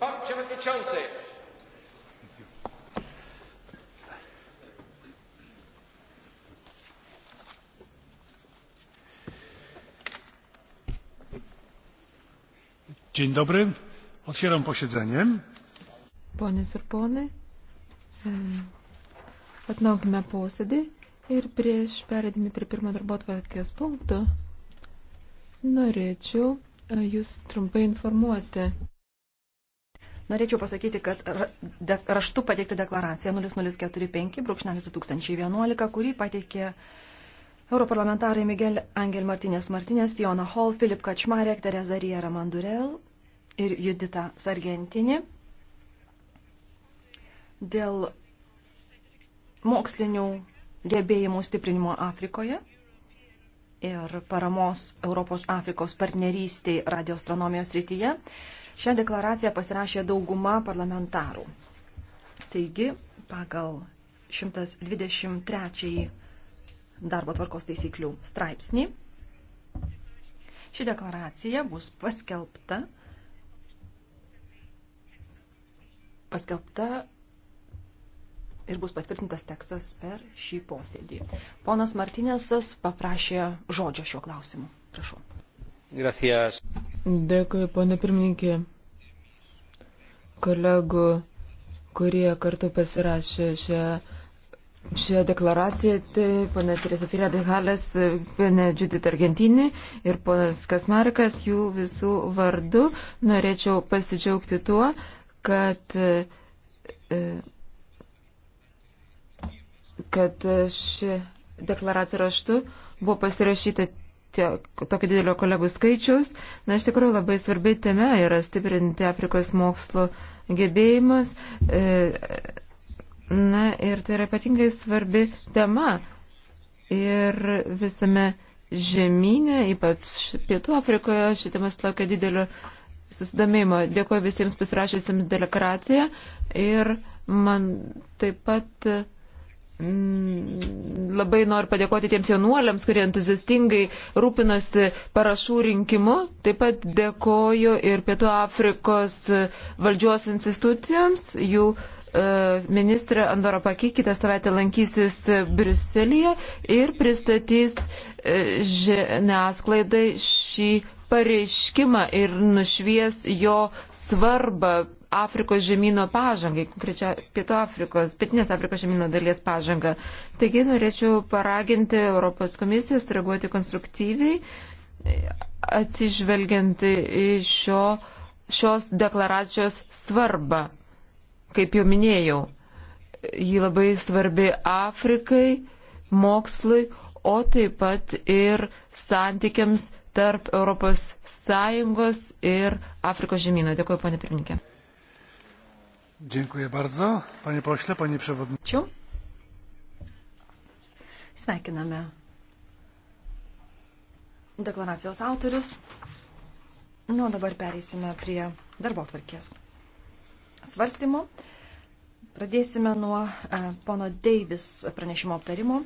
Pan Przewodniczący! Dzień dobry. Otwieram posiedzenie. Ponios ir ponai, e, atnaukime posėdį ir prieš perėdami prie pirmo darbo atvarkės punkto norėčiau e, jūs trumpai informuoti. Norėčiau pasakyti, kad raštu pateikta deklaracija 0045-2011, kurį pateikė europarlamentarai Miguel Angel Martinės Martinės, Fiona Hall, Filip Kačmarek, Tereza Riera Mandurel ir Judita Sargentini dėl mokslinių gebėjimų stiprinimo Afrikoje ir paramos Europos Afrikos partnerystiai radioastronomijos rytyje. Šią deklaraciją pasirašė dauguma parlamentarų. Taigi, pagal 123 darbo tvarkos taisyklių straipsnį, ši deklaracija bus paskelbta, paskelbta ir bus patvirtintas tekstas per šį posėdį. Ponas Martinėsas paprašė žodžio šiuo klausimu. Prašau. Gracias. Dėkui, ponė pirmininkė, kolegų, kurie kartu pasirašė šią. Šią deklaraciją tai pana Teresa Firė Dehalės, pana Džudit Argentinį ir ponas Kasmarkas jų visų vardu norėčiau pasidžiaugti tuo, kad, e, kad ši deklaracija raštu buvo pasirašyta tokio didelio kolegų skaičiaus. Na, iš tikrųjų labai svarbi tema yra stiprinti Afrikos mokslo gebėjimus. E, na, ir tai yra ypatingai svarbi tema. Ir visame žemynė, ypač Pietų Afrikoje, šitamas laukia didelio susidomėjimo. Dėkuoju visiems pasirašysiams delegraciją ir man taip pat Mm, labai noriu padėkoti tiems jaunuoliams, kurie entuziastingai rūpinosi parašų rinkimu. Taip pat dėkoju ir Pietų Afrikos valdžios institucijoms. Jų e, ministrė Andora Paki kitą savaitę lankysis Briuselėje ir pristatys e, žiniasklaidai šį pareiškimą ir nušvies jo svarbą Afrikos žemynų pažangai, konkrečiai Pietų Afrikos, Pietinės Afrikos žemynų dalies pažangą. Taigi norėčiau paraginti Europos komisiją sureaguoti konstruktyviai, atsižvelgiant į šio, šios deklaracijos svarbą. Kaip jau minėjau, ji labai svarbi Afrikai, mokslui, o taip pat ir santykiams tarp ES ir Afrikos žemynų. Dėkuoju, ponė pirmininkė. Dziękuję bardzo. Panie pośle, panie przewodniczący. Sveikiname deklaracijos autorius. Nu, dabar pereisime prie darbo tvarkės svarstymo. Pradėsime nuo e, pono Deivis pranešimo aptarimo.